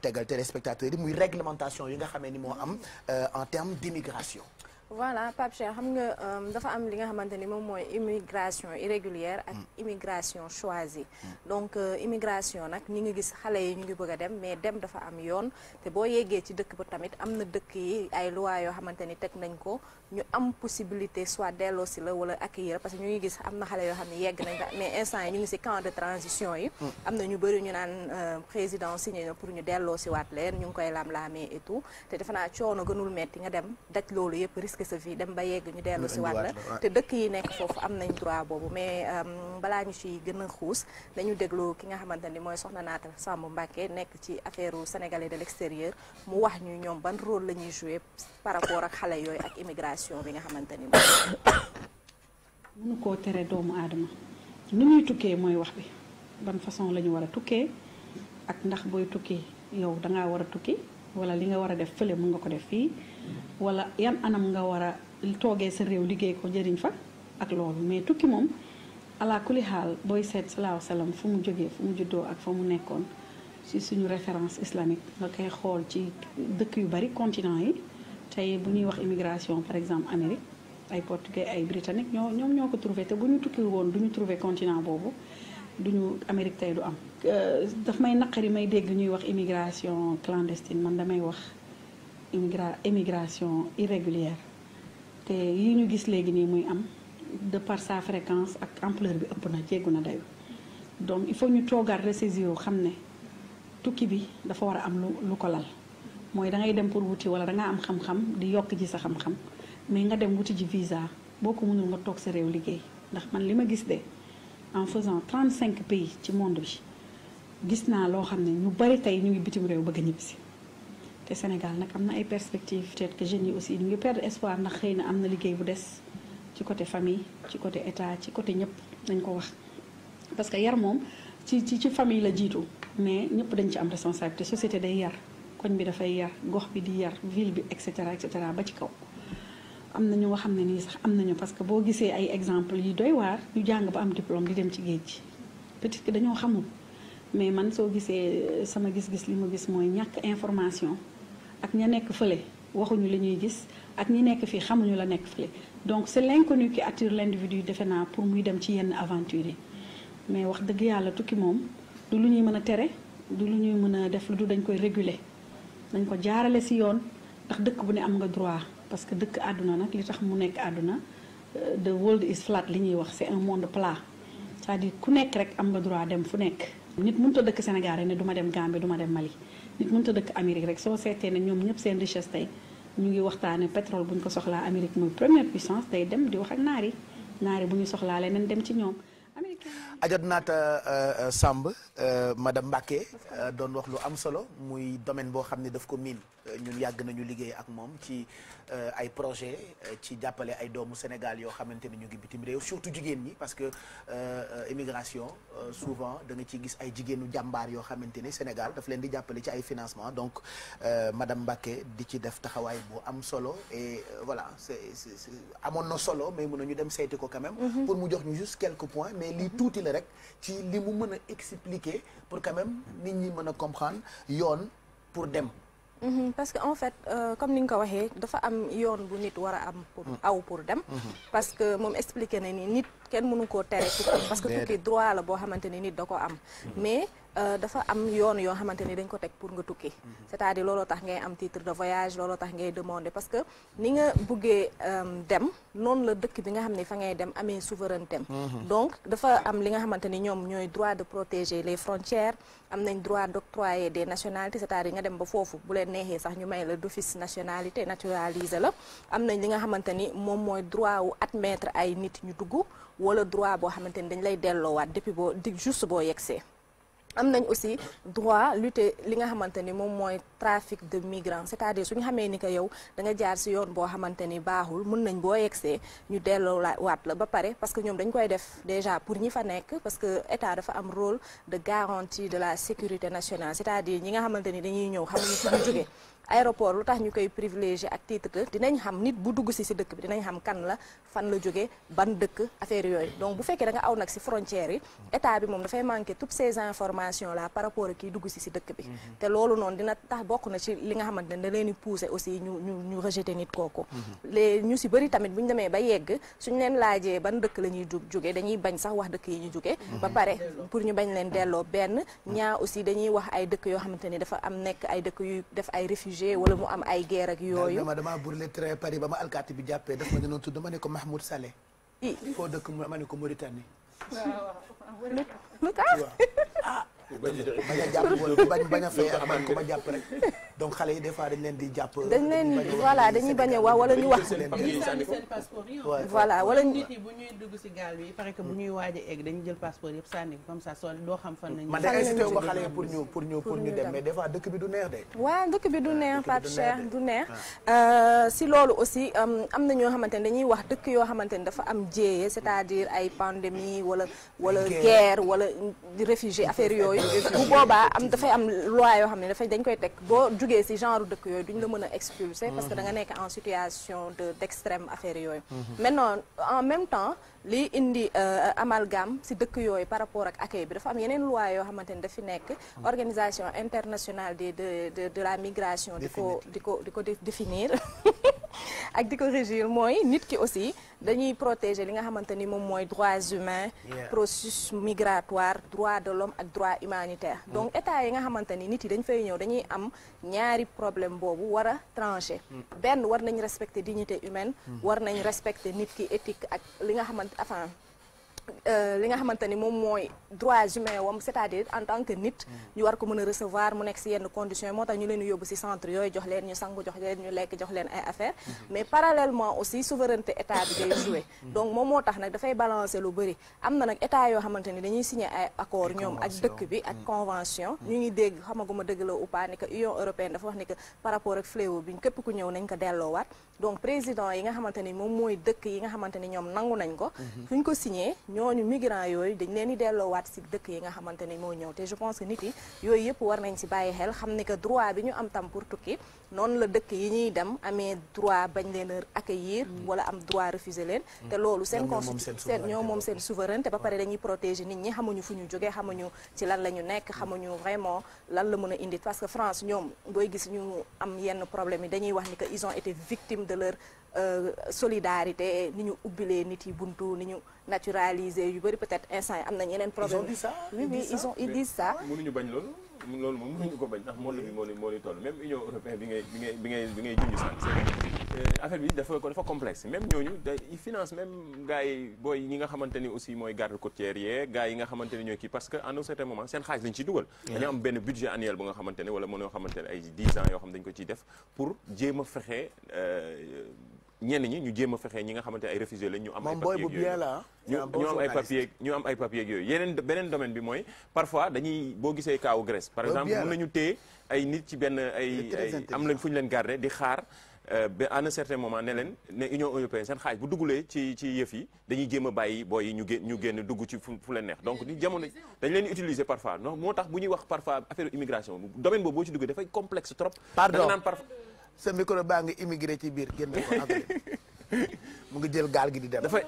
tegal téléspectateurs yi muy réglementation yi nga xamee ni moo am euh, en termes d'immigration voilà Pape Cheikh xam nga euh, dafa am li nga xamante ni moom mooy immigration irrégulière ak mm. immigration choisie mm. donc euh, immigration nag ñu ngi gis xale yi ñu ngi bëgg a dem mais dem dafa am yoon te boo yeggee ci dëkk ba tamit am na dëkk yi ay loi yoo xamante ni teg nañ ko ñu am possibilité soit delloo si la wala accueillir parce que ñu ngi gis am na xale yoo xam ne yegg nañ mais instant yi ñu ngi si camp de transition yi mm. am na ñu bëri ñu naan euh, président signé na pour ñu delloo si waat leen ñu ngi koy lam-laamee et tout te defe naa coono gënul metti nga dem daj loolu yëpp espèce vie dem ba yegg ñu dellu si waat la te dëkk yi nekk foofu am nañ droit boobu mais euh, balaa ñu ci gën a xuus dañu dégloo ki nga xamante ni mooy soxna Naata Samb Mbacke nekk ci affaire sénégalais de l'extérieur mu wax ñu ñoom ban rôle la ñuy jouer par rapport ak xale yooyu ak immigration bi nga xamante ni mënu koo tere doomu aadama nu ñuy tukkee mooy wax bi ban façon la ñu tukkee ak ndax booy tukki yow dangaa war tukki wala li nga war a def fële mun nga ko def fii wala yan anam nga war a toogee sa réew liggéey ko njëriñ fa ak loolu mais tukki moom ala kuli xaal booy seet salaahu salaam fu mu jógee fu mu juddoo ak fa mu nekkoon si suñu référence islamique nga koy xool ci dëkk yu bari continent yi tey bu ñuy wax immigration par exemple Amérique ay portugais ay britannique ñoo ñoom ñoo ko trouvé te bu ñu tukki woon du ñu trouvé continent boobu duñu Amérique tey du am Euh, dafa may naqari may dégg ñuy wax immigration clandestine man damay wax immigra immigration irrégulière te yi ñu gis léegi nii muy am de par sa fréquence ak ampleur bi ëpp na jéggu na dayu donc il faut ñu toogaat ressaisir wu xam ne tukki bi dafa war a am lu lu ko lal mooy da ngay dem pour wuti wala danga am xam-xam di yokk ji sa xam-xam mais nga dem wuti ji visa boo ko mënul nga toog sa réew liggéey ndax man li ma gis de en faisant cinq pays ci monde bi gis naa loo xam ne ñu bari tey ñu ngi bitim réew bëgg a ñibbisi te Sénégal nag am na ay perspectives peut-être que jeunes yi aussi ñu ngi perdre espoir ndax xëy na am na liggéey bu des ci côté famille ci côté état ci côté ñëpp dañ ko wax parce que yar moom ci ci ci famille la jiitu mais ñëpp dañ ci am responsabilité société day yar koñ bi dafay yar gox bi di yar ville bi et cetera et ba ci kaw am na ñu xam ne nii sax am nañu parce que boo gisee ay exemple yi doy waar ñu jàng ba am diplôme di dem ci géej gi peut-être que dañoo xamul mais man soo gisee euh, sama gis-gis li ma gis mooy ñàkk information ak ña nekk fële waxuñu li ñuy gis ak ñi nekk fii xamuñu la nekk fële donc c'est l'inconnu qui attire l'individu defe naa pour muy dem ci yenn aventure yi mais wax dëgg yàlla tukki moom du ñuy mën a tere du lu ñuy mën a def lu du dañ koy réguler dañ ko jaarale si yoon ndax dëkk bu ne am nga droit parce que dëkk àdduna nag li tax mu nekk àdduna euh, the world is flat li ñuy wax c'est un monde plat c'est-à-dire ku nekk rek am nga droit dem fu nekk nit mënut a dëkk Sénégal rek ne duma dem Gambie duma ma dem Mali nit mënut a dëkk Amérique rek soo seetee ne ñoom ñëpp seen richesse tey ñu ngi waxtaane pétrole bu ñu ko soxlaa Amérique mooy première puissance tey dem di wax ak naari naari bu ñu soxlaa leneen dem ci ñoom. Amérique. Ajoot naata euh, euh, Samb. Euh, madame Mbacke euh, doon wax lu am solo muy domaine boo xam ne daf ko miin euh, ñun yàgg nañu liggéey ak moom ci ay projet ci jàppale ay doomu Sénégal yoo xamante ne ñu ngi bitim réew surtout jigéen ñi parce que immigration souvent da nga ciy gis ay jigéenu jàmbaar yoo xamante ne Sénégal daf leen di jàppale ci ay financement donc madam Mbacke di ci def taxawaay bu am solo et voilà c'est c'est amoon na solo mais mën nañu dem seeti ko quand même mm-hmm. pour mu jox ñu juste quelques points mais lii mm-hmm. tuuti la rek ci expliquer pour quand même nit ñi mën a comprendre yoon pour dem. Mhm, parce que en fait euh, comme ni nga ko waxee dafa am yoon bu nit war a am. pour mm. aw pour dem. Mhm. parce que moom expliqué na ni nit. kenn mënu koo tere tukki parce que tukki droit la boo xamante ni nit da ko am mm-hmm. mais euh, dafa am yoon yoo xamante ni dañ ko teg pour nga tukki mm-hmm. c'est-à-dire looloo tax ngay am titre de voyage looloo tax ngay demander parce que ni nga buggee euh, dem noonu la dëkk bi nga xam ne fa ngay dem amee souveraineté mm-hmm. donc dafa am li nga xamante ni ñoom ñooy droit de protéger les frontières am nañ droit d'octroyer des nationalités c'est-à-dire nga dem ba foofu bu leen neexee sax ñu may la d'office nationalité naturalisé la am nañ li nga xamante ni moom mooy droit wu admettre ay nit ñu dugg wala droit boo xamante ni dañ lay delloowaat depuis boo di juste boo yegsee am nañ aussi droit lutter li nga xamante ni moom mooy trafic de migrant c'est-à-dire suñu xamee ni que yow da nga jaar ci yoon boo xamante ni baaxul mun nañ boo yegsee ñu delloo waat la ba pare parce que ñoom dañ koy def déjà pour ñi fa nekk parce que état dafa am rôle de garantie de la sécurité nationale c'est-à-dire ñi nga xamante ni dañuy ñëw xam fu ñu jógee aéroport lu tax ñu koy privilégié ak titre dinañ xam nit bu dugg ci ci dëkk bi dinañ xam kan la fan la jógee ban dëkk affaire yooyu donc bu fekkee da aw nag si frontière yi état bi moom dafay manqué toutes ces informations là par rapport a kii dugg si si dëkk bi mhm. te loolu noonu dina tax bokk na ci li nga xamante ne da leen di poussé aussi ñu ñu ñu rejeté nit kooku mhm. les ñu si bëri tamit bu ñu demee ba yegg suñu leen laajee ban dëkk la ñuy jógee dañuy bañ sax wax dëkk yi ñu jógee mhm. ba pare pour ñu bañ leen delloo benn ñaar aussi dañuy wax ay dëkk yoo xamante ni dafa am nekk ay dëkk yu def ay réfugié wala mu am ay guerre ak yooyu dama dama brûlé très Paris bi jàppee daf ma ko Mahmoud Saleh. foo dëkk ma ne ko Mauritanie. waaw lu tax ah. bañ a jàpp bañ a fay ak man ko ma jàpp rek. donc xale yi des fois dañ leen di jàpp. dañ leen voilà dañuy bañ a wax wala ñu wax. seen passeport yi voilà wala nit gaal bi il que bu dañuy jël passeport ñu pour ñu pour ñu dem mais des fois dëkk bi du neex de. waaw dëkk bi du neex Pape du neex. Ah. Euh, si loolu aussi am na ñoo xamante ne dañuy wax dëkk yoo xamante ne dafa am jéeye c'est-à-dire ay pandémie wala wala guerre wala réfugié affaire yooyu bu boobaa am dafay am loi yoo xam ne dafay dañ koy teg duggee si genre dëkk yooyu duñ la mën a expulser parce que da nga nekk en situation de d' extrême affaire yooyu mhm. maintenant en même temps li indi euh, amalgame si dëkk yooyu par rapport ak accueil bi dafa am yeneen loi yoo xamante ni dafi nekk mhm. organisation internationale de de de la migration di ko di ko di ko définir ak di ko mooy nit ki aussi dañuy protéger li nga xamante ni moom mooy droits humains processus migratoire droit de l'homme ak droit humanitaire mm. donc état yi nga xamante ni nit yi dañ fay ñëw dañuy am ñaari problème boobu war a tranché mm. benn war nañ respecter dignité humaine mm. war nañ respecter nit ki éthique ak li nga xamante enfin Euh, li nga xamante moom mooy droits humains wam c'est-à-dire en tant que nit ñu war ko mën a recevoir mu nekk si yenn conditions moo tax ñu leen yóbbu si centre yooyu jox leen ñu sangu jox leen ñu lekk jox leen ay affaires mm-hmm. mais parallèlement aussi souveraineté état bi day jouer mm-hmm. donc moom moo tax nag dafay balancer lu bëri am na nag état yoo xamante ni dañuy signer ay accord ñoom ak dëkk bi ak convention mm-hmm. ñu ngi dégg xamaguma dëgg la ou pas ni que union européenne dafa wax ni que ko delloowaat donc président yi nga xamante ni moom mooy dëkk yi nga xamante ni ñoom nangu nañ ko ñooñu migrants yooyu dañ leen di delloowaat si dëkk yi nga xamante ni moo ñëw te je pense que nit yi yooyu yëpp war nañ si bàyyi xel xam ni que droit bi ñu am tam pour tukki noonu la dëkk yi ñuy dem amee droit bañ leen a accueillir mm. wala am droit refuser leen mm. te loolu seen constitution ñoo moom seen souveraineté ba pare dañuy protégé nit ñi xamuñu fu ñu jógee xamuñu ci lan la ñu nekk mm. xamuñu vraiment lan la mën a indi parce que France ñoom booy gis ñu am yenn problème yi dañuy wax ni que ils ont été de leur Euh, solidarité ni ñu ubbilee nit yi buntu ni ñu naturaliser yu bëri peut-être instant yi am nañ yeneen problème. ils ont dit ça oui ah bañ loolu loolu moom mënuñu ko bañ ndax monde moo ni moo ni toll même Union européenne bi bi ngay bi ngay euh, affaire bi dafa dafa complexe même ñooñu day finance même gars booy ñi nga xamante ni aussi mooy garde côtière yee gars yi nga xamante ni ñooy kii parce que à un certain moment seen xaalis lañ ciy dugal. dañu am benn budget annuel bu nga xamante ne wala mënoo xamante ne ay 10 ans a fexe. Euh, ñenn ñi ñu jéem a fexe ñi nga xamante ay réfugié lañ ñu am ay papier yooyu ñu ñu am ay papier yooyu yeneen beneen domaine bi mooy parfois dañuy boo gisee kaawu Grèce par exemple mën nañu téye ay nit ci benn ay am lañ fu ñu leen garder di xaar euh, ba à un certain moment ne leen ne Union européenne seen xaaj bu dugulee ci ci yëf yi dañuy jéem a bàyyi booy yi ñu génn ñu génn dugg ci fu leen neex donc ni jamono dañ leen utiliser parfois non moo tax bu ñuy wax parfois affaire immigration domaine boobu boo ci duggee dafay complexe sa micro baa ngi immigré ci biir génn ko mu ngi jël gaal gi di dem. dafay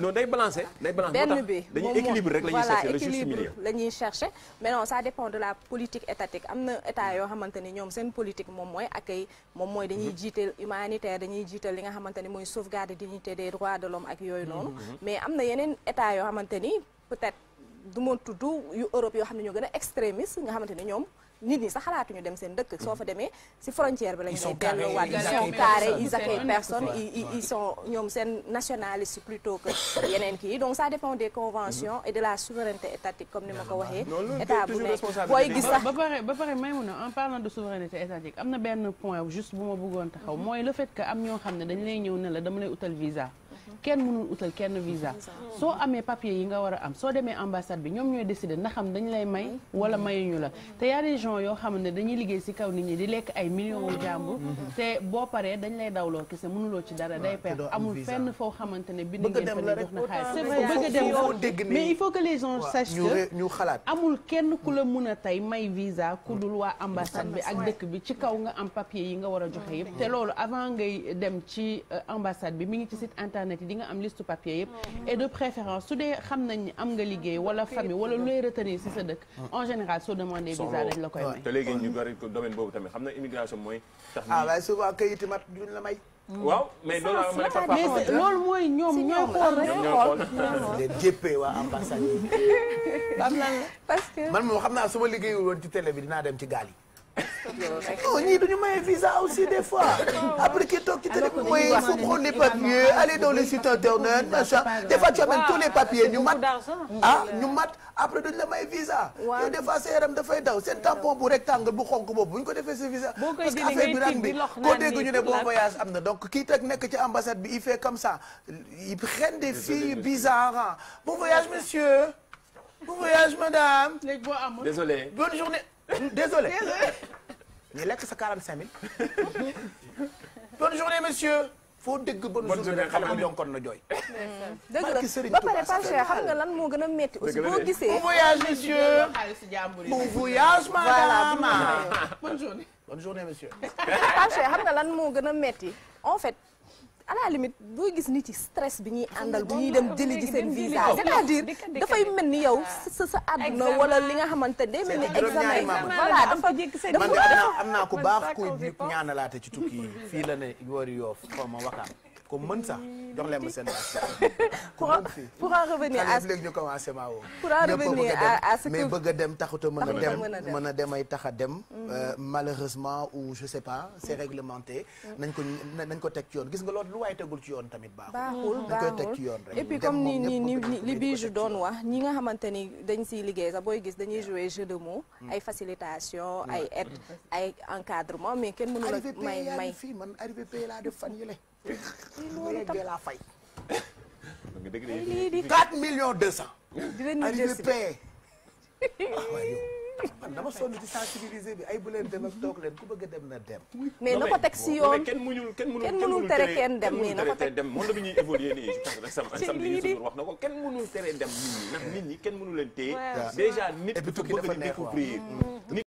non day balancer. day balancer benn bi dañuy équilibre rek la ñuy chercher le juste milieu la ñuy chercher mais non ça dépend de la politique étatique am na état yoo xamante ni ñoom seen politique moom mooy accueil moom mooy dañuy mhm. jiital humanitaire dañuy jiital li nga xamante ni mooy sauvegarde dignité des droits de l'homme ak yooyu mhm. noonu. Mhm. mais am na yeneen état yoo xamante ni peut-être du ma tudd yu Europe yoo xam ne ñoo gën a extrémiste nga xamante ni ñoom. nit ñi sax xalaatuñu dem seen dëkk soo fa demee si frontière bi lañu lay delloowaat ils sont carrés ils accueillent personne ils sont ñoom seen nationaliste plutôt que yeneen kii donc ça dépend des conventions et de la souveraineté étatique comme ni ma ko waxee état bu nekk booy gis sax ba pare ba pare may mun a en parlant de souveraineté étatique am na benn point juste bu ma bëggoon taxaw mooy le fait que am ñoo xam ne dañu lay ñëw ne la dama lay utal visa kenn mënul utal kenn visa soo amee papier yi nga war a am soo demee ambassade bi ñoom ñooy décider ndaxam xam dañu lay may wala mayuñu la te y a des gens yoo xam ne dañuy liggéey si kaw nit ñi di lekk ay million wu jàmbur mm-hmm. te boo paree dañ lay dawloo se mënuloo ci dara day perte amul fenn foo xamante ne bind ngeen fa ne jox na xaalis mais il faut que les gens sachent que ñu xalaat amul kenn ku la mun a tey may visa ku dul waa mm-hmm. ambassade bi ak dëkk bi ci kaw nga am papier yi nga war a joxe yëpp mm-hmm. te loolu avant ngay dem ci euh, ambassade bi mi ngi ci site xamante di nga am liste papier yëpp mm-hmm. et de préférence su dee xam nañ am nga liggéey wala famille wala looy retenir si sa dëkk ah. en général soo demandé visa dañ la koy ah. may te léegi ñu bari domaine boobu tamit xam na immigration mooy tax ah waaye souvent kayiti mat duñ la may mm. waaw mais loolu mooy ñoom ñooy xool rek ñooy jéppee waa ambassade yi parce que man moom xam naa su ma liggéeyul woon ci bi dinaa dem ci gaal yi non ñii du ñu maye visa aussi des fois après kii toog ci télé mooy il faut prendre les papiers aller dans les sites internet machin des fois tu amènes tous les papiers ñu mat ah ñu mat après duñ la may visa yooyu des fois sa yaram dafay daw seen tampon bu rectangle bu xonk boobu bu ñu ko defee sa visa parce que affaire bi rang bi koo dégg ñu ne bon voyage am na donc kii teg nekk ci ambassade bi il fait comme ça il prend des filles bizarres bon voyage monsieur bon voyage madame désolé bonne désolé ñu lekk sa 45000. bonne journée monsieur. foo dégg bonne journée xale ba jonkoon na jooy. dëgg la ba pare pas cher xam nga lan moo gën a métti aussi boo gisee. bon voyage monsieur bon voyage madame. bonne xam nga lan moo gën a metti en fait. à la limite gis nit yi stress bi ñuy àndal bu ñuy dem jëli ji seen visa c'est-à-dire dafay mel ni yow ah. sa sa àdduna wala li nga xamante day mel ni examen voilà dafa man am naa ku baax kuy ñaanalaate ci tukki yi fii la ne yoori yoof xaw ma waxaan ko mën sax jox leen ma seen pour pour en revenir à léegi ñu commencé mais bëgg a dem taxut a mën a dem mën a dem ay tax a dem mhm. euh, malheureusement ou je sais pas c'est mhm. réglementé mhm. nañ ko teg ci yoon gis nga loolu lu waaye tegul ci yoon tamit baaxul dañ koy teg ci yoon rek et puis comme ni ni li Bijou doon wax ñi nga xamante ni dañ siy liggéey sax booy gis dañuy jouer jeu de mots ay facilitation ay aide ay encadrement mais kenn mënu la may may fii man arrivé pay laa def fan yi la fay. lii di 4 millions 200. dinañu arrivé payé. Ah, man dama sonn ci sensibiliser bi ay bu leen dem ak toog leen ku bëgg a dem na dem. mais na ko teg si yoon kenn mënul kenn mënul kenn tere kenn dem mais na ko teg moom la bi ñuy évoluer nii sam bi ñu wax na ko kenn mënul tere dem nit ñi ndax nit ñi kenn mënul leen téye. déjà nit dafa bëgg di